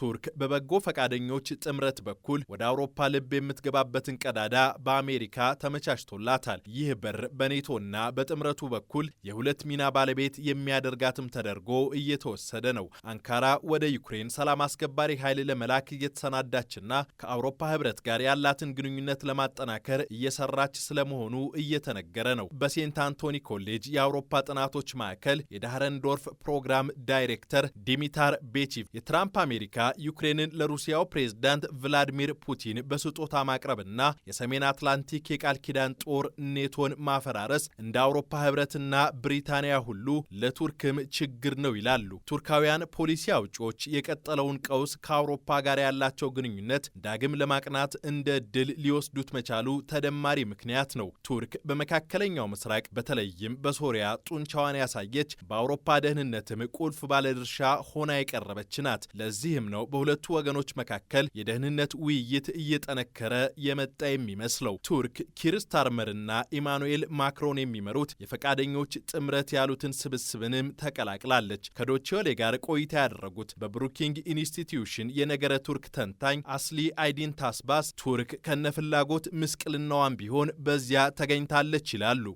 ቱርክ በበጎ ፈቃደኞች ጥምረት በኩል ወደ አውሮፓ ልብ የምትገባበትን ቀዳዳ በአሜሪካ ተመቻችቶላታል። ይህ በር በኔቶና በጥምረቱ በኩል የሁለት ሚና ባለቤት የሚያደርጋትም ተደርጎ እየተወሰደ ነው። አንካራ ወደ ዩክሬን ሰላም አስከባሪ ኃይል ለመላክ እየተሰናዳችና ከአውሮፓ ህብረት ጋር ያላትን ግንኙነት ለማጠናከር እየሰራች ስለመሆኑ እየተነገረ ነው። በሴንት አንቶኒ ኮሌጅ የአውሮፓ ጥናቶች ማዕከል የዳህረንዶርፍ ፕሮግራም ዳይሬክተር ዲሚታር ቤቺቭ የትራምፕ አሜሪካ ዩክሬንን ለሩሲያው ፕሬዝዳንት ቭላዲሚር ፑቲን በስጦታ ማቅረብና የሰሜን አትላንቲክ የቃል ኪዳን ጦር ኔቶን ማፈራረስ እንደ አውሮፓ ህብረትና ብሪታንያ ሁሉ ለቱርክም ችግር ነው ይላሉ። ቱርካውያን ፖሊሲ አውጪዎች የቀጠለውን ቀውስ ከአውሮፓ ጋር ያላቸው ግንኙነት ዳግም ለማቅናት እንደ ድል ሊወስዱት መቻሉ ተደማሪ ምክንያት ነው። ቱርክ በመካከለኛው ምስራቅ በተለይም በሶሪያ ጡንቻዋን ያሳየች፣ በአውሮፓ ደህንነትም ቁልፍ ባለድርሻ ሆና የቀረበች ናት። ለዚህም ነው ነው በሁለቱ ወገኖች መካከል የደህንነት ውይይት እየጠነከረ የመጣ የሚመስለው። ቱርክ ኪርስታርመርና ስታርመርና ኢማኑኤል ማክሮን የሚመሩት የፈቃደኞች ጥምረት ያሉትን ስብስብንም ተቀላቅላለች። ከዶቼሌ ጋር ቆይታ ያደረጉት በብሩኪንግ ኢንስቲትዩሽን የነገረ ቱርክ ተንታኝ አስሊ አይዲን ታስባስ ቱርክ ከነፍላጎት ምስቅልናዋን ቢሆን በዚያ ተገኝታለች ይላሉ።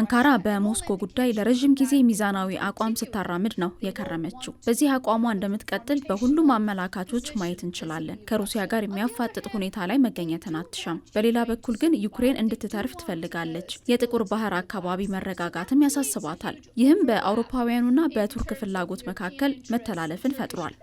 አንካራ በሞስኮ ጉዳይ ለረዥም ጊዜ ሚዛናዊ አቋም ስታራምድ ነው የከረመችው። ያለችው። በዚህ አቋሟ እንደምትቀጥል በሁሉም አመላካቾች ማየት እንችላለን። ከሩሲያ ጋር የሚያፋጥጥ ሁኔታ ላይ መገኘትን አትሻም። በሌላ በኩል ግን ዩክሬን እንድትተርፍ ትፈልጋለች። የጥቁር ባህር አካባቢ መረጋጋትም ያሳስባታል። ይህም በአውሮፓውያኑና በቱርክ ፍላጎት መካከል መተላለፍን ፈጥሯል።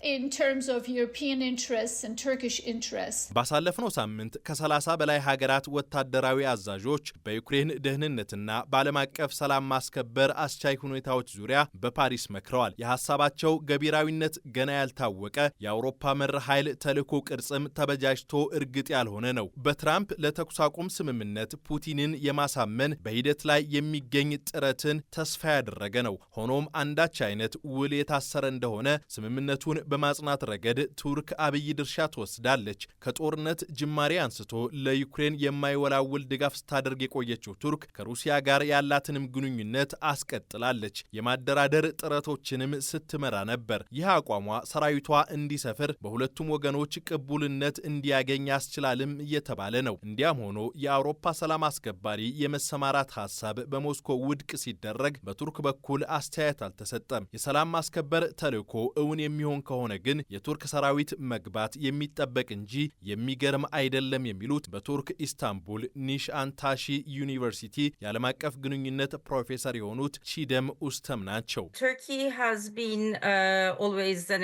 ባሳለፍነው ሳምንት ከ30 በላይ ሀገራት ወታደራዊ አዛዦች በዩክሬን ደህንነትና በዓለም አቀፍ ሰላም ማስከበር አስቻይ ሁኔታዎች ዙሪያ በፓሪስ መክረዋል። የሀሳባቸው የሚኖረው ገቢራዊነት ገና ያልታወቀ የአውሮፓ መር ኃይል ተልዕኮ ቅርጽም ተበጃጅቶ እርግጥ ያልሆነ ነው። በትራምፕ ለተኩስ አቁም ስምምነት ፑቲንን የማሳመን በሂደት ላይ የሚገኝ ጥረትን ተስፋ ያደረገ ነው። ሆኖም አንዳች አይነት ውል የታሰረ እንደሆነ ስምምነቱን በማጽናት ረገድ ቱርክ አብይ ድርሻ ትወስዳለች። ከጦርነት ጅማሬ አንስቶ ለዩክሬን የማይወላውል ድጋፍ ስታደርግ የቆየችው ቱርክ ከሩሲያ ጋር ያላትንም ግንኙነት አስቀጥላለች። የማደራደር ጥረቶችንም ስትመራ ትመራ ነበር። ይህ አቋሟ ሰራዊቷ እንዲሰፍር በሁለቱም ወገኖች ቅቡልነት እንዲያገኝ ያስችላልም እየተባለ ነው። እንዲያም ሆኖ የአውሮፓ ሰላም አስከባሪ የመሰማራት ሀሳብ በሞስኮ ውድቅ ሲደረግ በቱርክ በኩል አስተያየት አልተሰጠም። የሰላም ማስከበር ተልዕኮ እውን የሚሆን ከሆነ ግን የቱርክ ሰራዊት መግባት የሚጠበቅ እንጂ የሚገርም አይደለም የሚሉት በቱርክ ኢስታንቡል ኒሽ አንታሺ ዩኒቨርሲቲ የዓለም አቀፍ ግንኙነት ፕሮፌሰር የሆኑት ቺደም ኡስተም ናቸው። Uh, uh,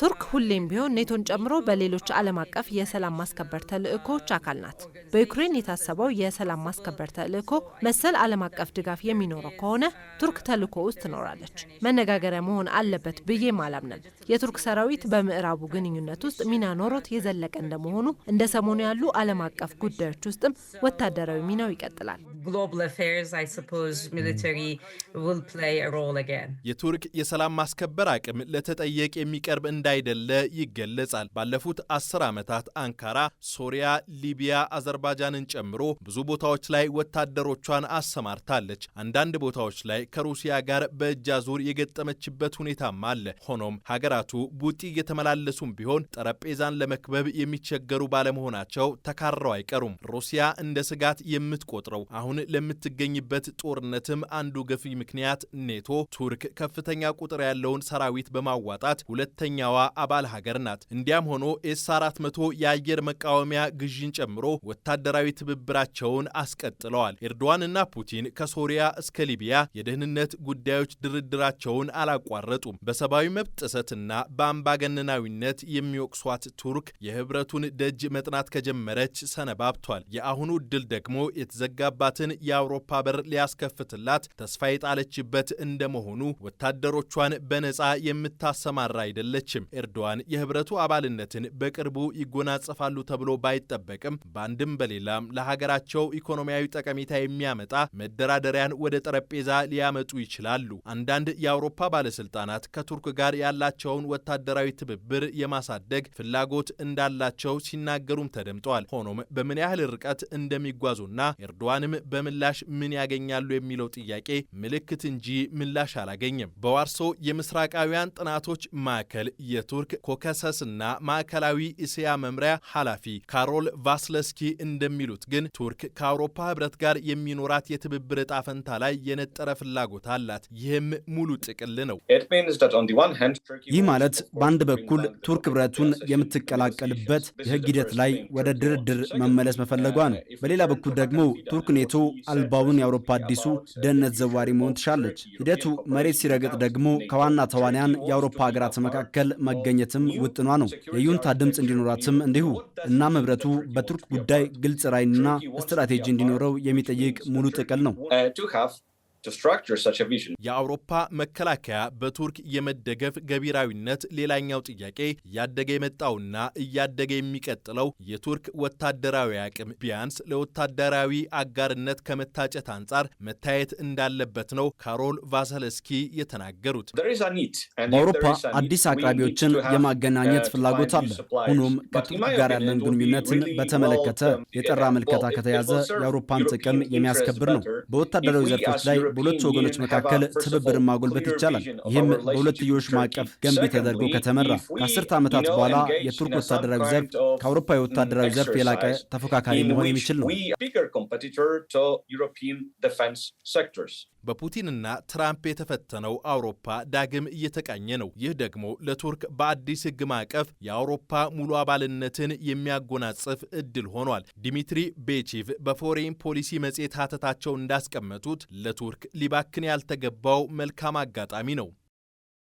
ቱርክ ሁሌም ቢሆን ኔቶን ጨምሮ በሌሎች ዓለም አቀፍ የሰላም ማስከበር ተልዕኮዎች አካል ናት። በዩክሬን የታሰበው የሰላም ማስከበር ተልዕኮ መሰል ዓለም አቀፍ ድጋፍ የሚኖረው ከሆነ ቱርክ ተልዕኮ ውስጥ ትኖራለች። መነጋገሪያ መሆን አለበት ብዬ አላምንም። የቱርክ ሰራዊት በምዕራቡ ግንኙነት ውስጥ ሚና ኖሮት የዘለቀ እንደመሆኑ እንደ ሰሞኑ ያሉ ዓለም አቀፍ ጉዳዮች ውስጥም ወታደራዊ ሚናው ይቀጥላል። global affairs, I suppose military will play a role again. የቱርክ የሰላም ማስከበር አቅም ለተጠየቅ የሚቀርብ እንዳይደለ ይገለጻል። ባለፉት አስር ዓመታት አንካራ ሶሪያ፣ ሊቢያ፣ አዘርባጃንን ጨምሮ ብዙ ቦታዎች ላይ ወታደሮቿን አሰማርታለች። አንዳንድ ቦታዎች ላይ ከሩሲያ ጋር በእጅ አዙር የገጠመችበት ሁኔታም አለ። ሆኖም ሀገራቱ ቡጢ የተመላለሱም ቢሆን ጠረጴዛን ለመክበብ የሚቸገሩ ባለመሆናቸው ተካረው አይቀሩም። ሩሲያ እንደ ስጋት የምትቆጥረው አሁን አሁን ለምትገኝበት ጦርነትም አንዱ ገፊ ምክንያት ኔቶ ቱርክ ከፍተኛ ቁጥር ያለውን ሰራዊት በማዋጣት ሁለተኛዋ አባል ሀገር ናት። እንዲያም ሆኖ ኤስ 400 የአየር መቃወሚያ ግዥን ጨምሮ ወታደራዊ ትብብራቸውን አስቀጥለዋል። ኤርዶዋንና ፑቲን ከሶሪያ እስከ ሊቢያ የደህንነት ጉዳዮች ድርድራቸውን አላቋረጡም። በሰብአዊ መብት ጥሰትና በአምባገነናዊነት የሚወቅሷት ቱርክ የህብረቱን ደጅ መጥናት ከጀመረች ሰነባብቷል። የአሁኑ ዕድል ደግሞ የተዘጋባት ሀገራትን የአውሮፓ በር ሊያስከፍትላት ተስፋ የጣለችበት እንደመሆኑ ወታደሮቿን በነፃ የምታሰማራ አይደለችም። ኤርዶዋን የህብረቱ አባልነትን በቅርቡ ይጎናጸፋሉ ተብሎ ባይጠበቅም በአንድም በሌላም ለሀገራቸው ኢኮኖሚያዊ ጠቀሜታ የሚያመጣ መደራደሪያን ወደ ጠረጴዛ ሊያመጡ ይችላሉ። አንዳንድ የአውሮፓ ባለስልጣናት ከቱርክ ጋር ያላቸውን ወታደራዊ ትብብር የማሳደግ ፍላጎት እንዳላቸው ሲናገሩም ተደምጠዋል። ሆኖም በምን ያህል ርቀት እንደሚጓዙና ኤርዶዋንም በምላሽ ምን ያገኛሉ የሚለው ጥያቄ ምልክት እንጂ ምላሽ አላገኘም። በዋርሶ የምስራቃውያን ጥናቶች ማዕከል የቱርክ ኮከሰስና ማዕከላዊ እስያ መምሪያ ኃላፊ ካሮል ቫስለስኪ እንደሚሉት ግን ቱርክ ከአውሮፓ ህብረት ጋር የሚኖራት የትብብር ዕጣ ፈንታ ላይ የነጠረ ፍላጎት አላት። ይህም ሙሉ ጥቅል ነው። ይህ ማለት በአንድ በኩል ቱርክ ህብረቱን የምትቀላቀልበት የህግ ሂደት ላይ ወደ ድርድር መመለስ መፈለጓ ነው። uh, በሌላ በኩል ደግሞ ቱርክ ኔቶ አልባውን የአውሮፓ አዲሱ ደህንነት ዘዋሪ መሆን ትሻለች። ሂደቱ መሬት ሲረግጥ ደግሞ ከዋና ተዋንያን የአውሮፓ ሀገራት መካከል መገኘትም ውጥኗ ነው። የዩንታ ድምፅ እንዲኖራትም እንዲሁ። እናም ህብረቱ በቱርክ ጉዳይ ግልጽ ራዕይና ስትራቴጂ እንዲኖረው የሚጠይቅ ሙሉ ጥቅል ነው። የአውሮፓ መከላከያ በቱርክ የመደገፍ ገቢራዊነት ሌላኛው ጥያቄ እያደገ የመጣውና እያደገ የሚቀጥለው የቱርክ ወታደራዊ አቅም ቢያንስ ለወታደራዊ አጋርነት ከመታጨት አንጻር መታየት እንዳለበት ነው ካሮል ቫሰለስኪ የተናገሩት። በአውሮፓ አዲስ አቅራቢዎችን የማገናኘት uh, ፍላጎት አለ። ሆኖም ከቱርክ ጋር ያለን ግንኙነትን በተመለከተ የጠራ ምልከታ ከተያዘ የአውሮፓን ጥቅም የሚያስከብር ነው። በወታደራዊ ዘርፎች ላይ በሁለቱ ወገኖች መካከል ትብብር ማጎልበት ይቻላል። ይህም በሁለትዮሽ ማዕቀፍ ገንቢ ተደርጎ ከተመራ ከአስርተ ዓመታት በኋላ የቱርክ ወታደራዊ ዘርፍ ከአውሮፓ የወታደራዊ ዘርፍ የላቀ ተፎካካሪ መሆን የሚችል ነው። በፑቲንና ትራምፕ የተፈተነው አውሮፓ ዳግም እየተቃኘ ነው። ይህ ደግሞ ለቱርክ በአዲስ ሕግ ማዕቀፍ የአውሮፓ ሙሉ አባልነትን የሚያጎናጽፍ እድል ሆኗል። ዲሚትሪ ቤቺቭ በፎሬን ፖሊሲ መጽሔት ሀተታቸው እንዳስቀመጡት ለቱርክ ሊባክን ያልተገባው መልካም አጋጣሚ ነው።